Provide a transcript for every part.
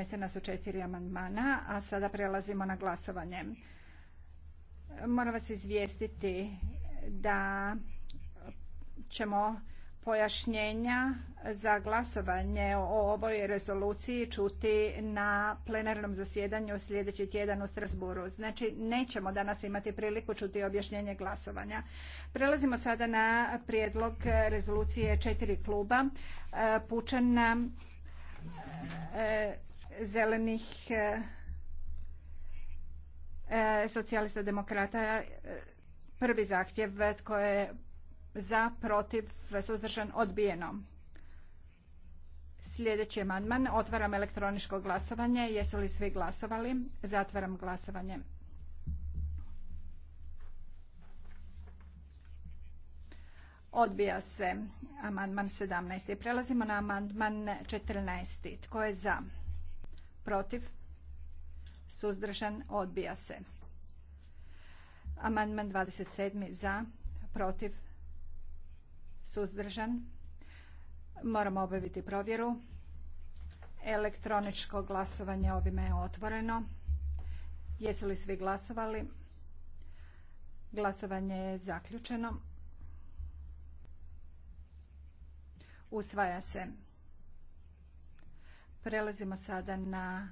Podnesena su četiri amandmana, a sada prelazimo na glasovanje. Moram vas izvijestiti da ćemo pojašnjenja za glasovanje o ovoj rezoluciji čuti na plenarnom zasjedanju sljedeći tjedan u Strasburu. Znači, nećemo danas imati priliku čuti objašnjenje glasovanja. Prelazimo sada na prijedlog rezolucije četiri kluba. E, Pučana, e, zelenih e, e, socijalista demokrata e, prvi zahtjev tko je za, protiv, suzdržan, odbijeno. Sljedeći amandman. Otvaram elektroničko glasovanje. Jesu li svi glasovali? Zatvaram glasovanje. Odbija se amandman 17. Prelazimo na amandman 14. Tko je za? protiv, suzdržan, odbija se. Amandman 27. za, protiv, suzdržan. Moramo obaviti provjeru. Elektroničko glasovanje ovime je otvoreno. Jesu li svi glasovali? Glasovanje je zaključeno. Usvaja se. Prelazimo sada na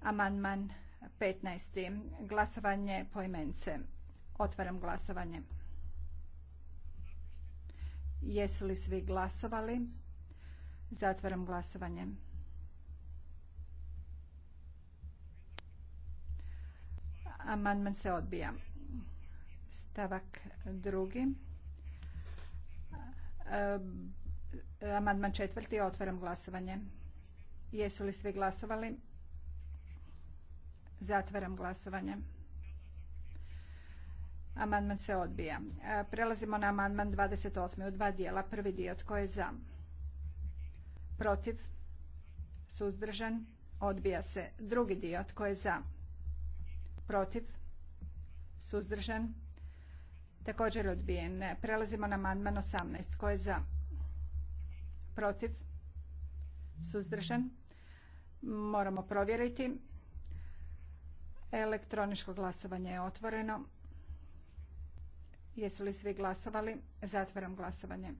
amandman 15. Glasovanje imence. Otvaram glasovanje. Jesu li svi glasovali? Zatvaram glasovanje. Amandman se odbija. Stavak drugi. Amandman četvrti. Otvaram glasovanje. Jesu li svi glasovali? Zatvaram glasovanje. Amandman se odbija. E, prelazimo na amandman 28. u dva dijela. Prvi dio tko je za? Protiv? Suzdržan? Odbija se. Drugi dio tko je za? Protiv? Suzdržan? Također odbijen. E, prelazimo na amandman 18. Tko je za? Protiv? Suzdržan? Moramo provjeriti. Elektroničko glasovanje je otvoreno. Jesu li svi glasovali? Zatvaram glasovanje.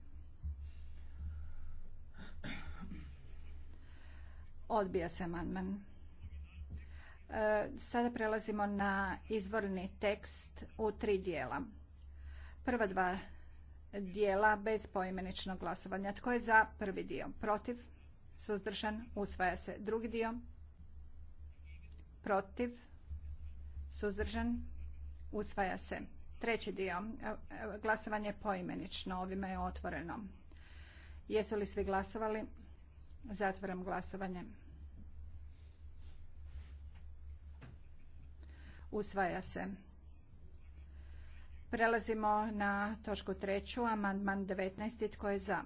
Odbija se amandman. E, sada prelazimo na izvorni tekst u tri dijela. Prva dva dijela bez poimeničnog glasovanja. Tko je za prvi dio? Protiv? suzdržan, usvaja se. Drugi dio, protiv, suzdržan, usvaja se. Treći dio, glasovanje poimenično, ovime je otvoreno. Jesu li svi glasovali? Zatvaram glasovanje. Usvaja se. Prelazimo na točku treću, amandman 19. Tko je za?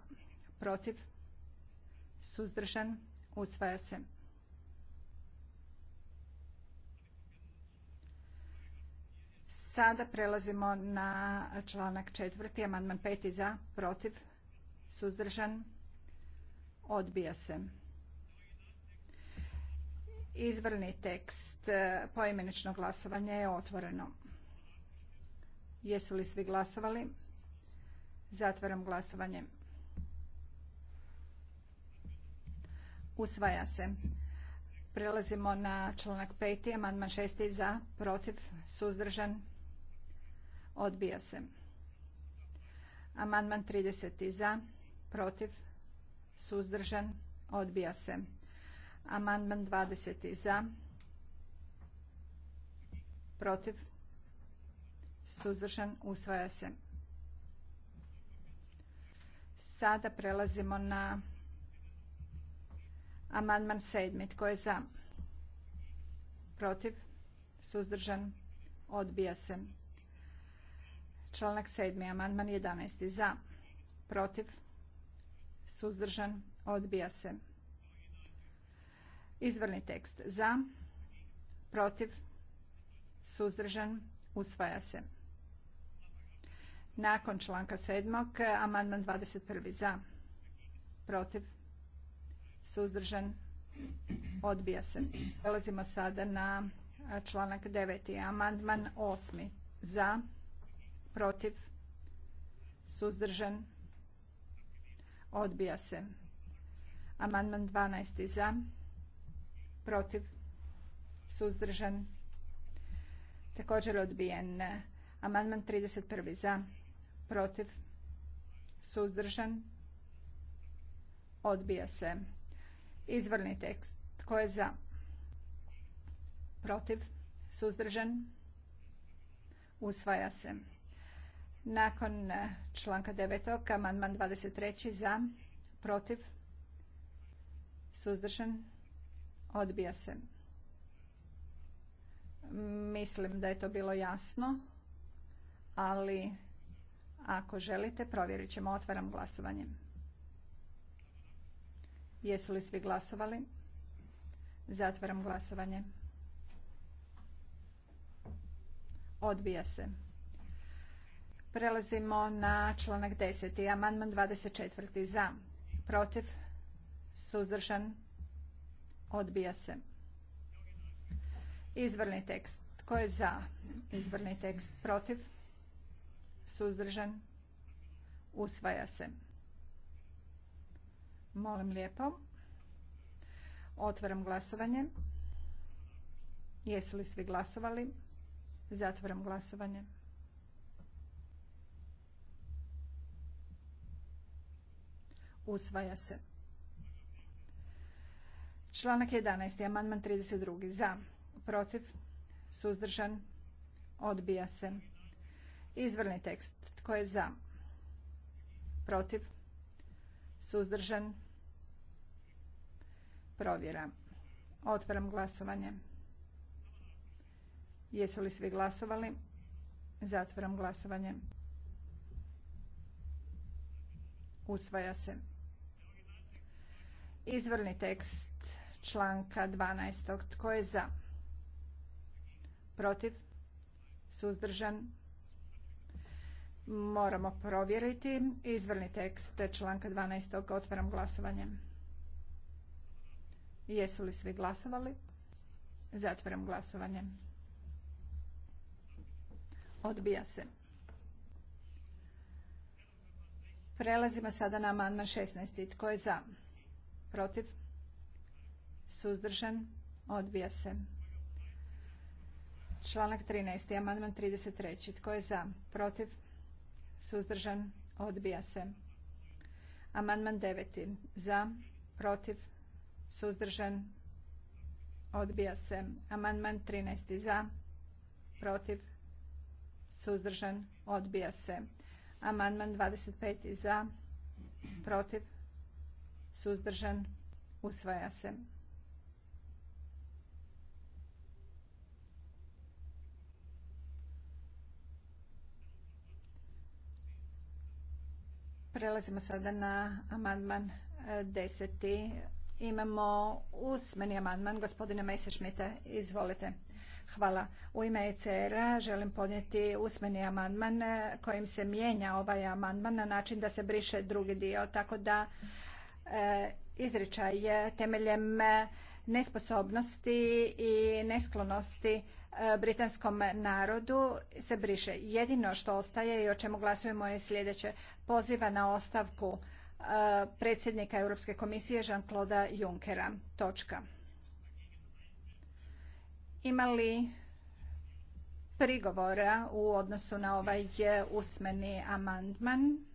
Protiv? Suzdržan? Usvaja se. Sada prelazimo na članak četvrti, amandman peti za, protiv, suzdržan, odbija se. Izvrni tekst e, poimenično glasovanje je otvoreno. Jesu li svi glasovali? Zatvaram glasovanje. Usvaja se. Prelazimo na članak 5. Amandman 6. za, protiv, suzdržan. Odbija se. Amandman 30. za, protiv, suzdržan. Odbija se. Amandman 20. za, protiv, suzdržan. Usvaja se. Sada prelazimo na Amandman sedmi. Tko je za? Protiv? Suzdržan? Odbija se. Članak sedmi. Amandman 11. Za? Protiv? Suzdržan? Odbija se. Izvrni tekst. Za? Protiv? Suzdržan? Usvaja se. Nakon članka sedmog, amandman 21. Za? Protiv? suzdržan, odbija se. Prelazimo sada na članak 9. Amandman 8. Za, protiv, suzdržan, odbija se. Amandman 12. Za, protiv, suzdržan, također odbijen. Amandman 31. Za, protiv, suzdržan, odbija se. Izvrni tekst. Tko je za? Protiv? Suzdržan? Usvaja se. Nakon eh, članka 9. amandman 23. za? Protiv? Suzdržan? Odbija se. Mislim da je to bilo jasno, ali ako želite provjerit ćemo. Otvaram glasovanje. Jesu li svi glasovali? Zatvaram glasovanje. Odbija se. Prelazimo na članak 10. Amandman 24. Za. Protiv. Suzdržan. Odbija se. Izvrni tekst. Tko je za? Izvrni tekst. Protiv. Suzdržan. Usvaja se. Molim lijepo. Otvaram glasovanje. Jesu li svi glasovali? Zatvaram glasovanje. Usvaja se. Članak 11. Amandman 32. Za. Protiv. Suzdržan. Odbija se. Izvrni tekst. Tko je za? Protiv. Suzdržan. Provjera. Otvaram glasovanje. Jesu li svi glasovali? Zatvaram glasovanje. Usvaja se. Izvrni tekst članka 12. Tko je za? Protiv? Suzdržan? Moramo provjeriti. Izvrni tekst članka 12. Otvaram glasovanje. Jesu li svi glasovali? Zatvaram glasovanje. Odbija se. Prelazimo sada na amandman 16. Tko je za? Protiv? Suzdržan? Odbija se. Članak 13. Amandman 33. Tko je za? Protiv? Suzdržan? Odbija se. Amandman 9. Za? Protiv? suzdržan, odbija se. Amandman 13. za, protiv, suzdržan, odbija se. Amandman 25. za, protiv, suzdržan, usvaja se. Prelazimo sada na amandman 10. E, Imamo usmeni amandman gospodine Mesešmite. Izvolite. Hvala. U ime ECR-a želim podnijeti usmeni amandman eh, kojim se mijenja ovaj amandman na način da se briše drugi dio. Tako da eh, izričaj je temeljem eh, nesposobnosti i nesklonosti britanskom narodu se briše. Jedino što ostaje i o čemu glasujemo je sljedeće. Poziva na ostavku Eh, predsjednika Europske komisije Jean-Claude Junckera. Točka. Ima li prigovora u odnosu na ovaj eh, usmeni amandman?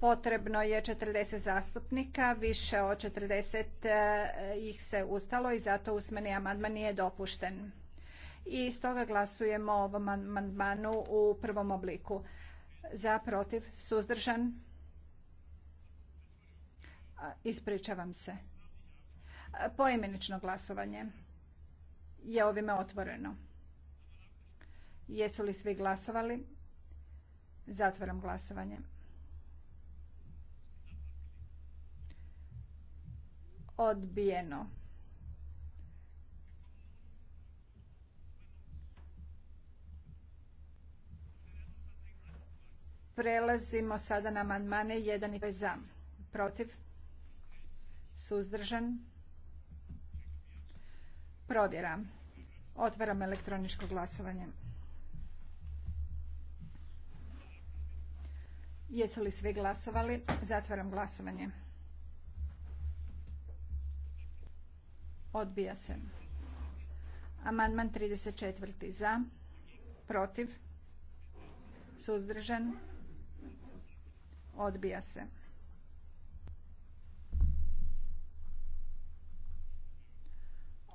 Potrebno je 40 zastupnika, više od 40 eh, ih se ustalo i zato usmeni amandman nije dopušten i stoga glasujemo o ovom amandmanu u prvom obliku. Za, protiv, suzdržan? Ispričavam se. Poimenično glasovanje je ovime otvoreno. Jesu li svi glasovali? Zatvaram glasovanje. Odbijeno. Prelazimo sada na amandmane 1 i 2 za. Protiv? Suzdržan? Provjera. Otvaram elektroničko glasovanje. Jesu li svi glasovali? Zatvaram glasovanje. Odbija se. Amandman 34. za. Protiv. Suzdržan. Odbija se.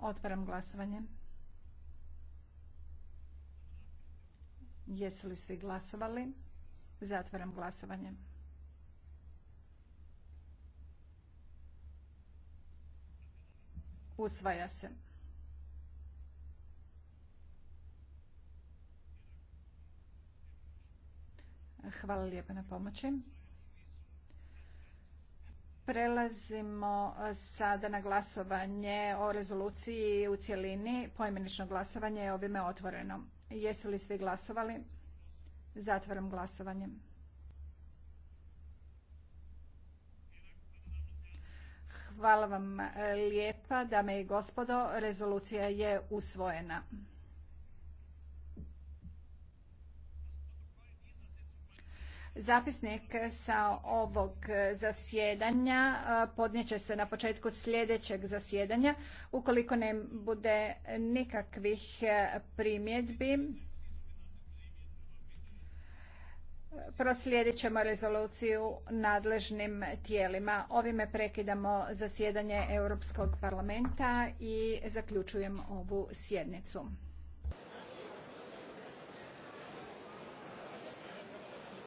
Otvaram glasovanje. Jesu li svi glasovali? Zatvaram glasovanje. Usvaja se. Hvala lijepa na pomoći. Prelazimo e, sada na glasovanje o rezoluciji u cjelini. Poimenično glasovanje je ovime otvoreno. Jesu li svi glasovali? Zatvaram glasovanje. Hvala vam lijepa, dame i gospodo. Rezolucija je usvojena. Zapisnik sa ovog zasjedanja podnijet će se na početku sljedećeg zasjedanja. Ukoliko ne bude nikakvih primjedbi, proslijedit ćemo rezoluciju nadležnim tijelima. Ovime prekidamo zasjedanje Europskog parlamenta i zaključujem ovu sjednicu.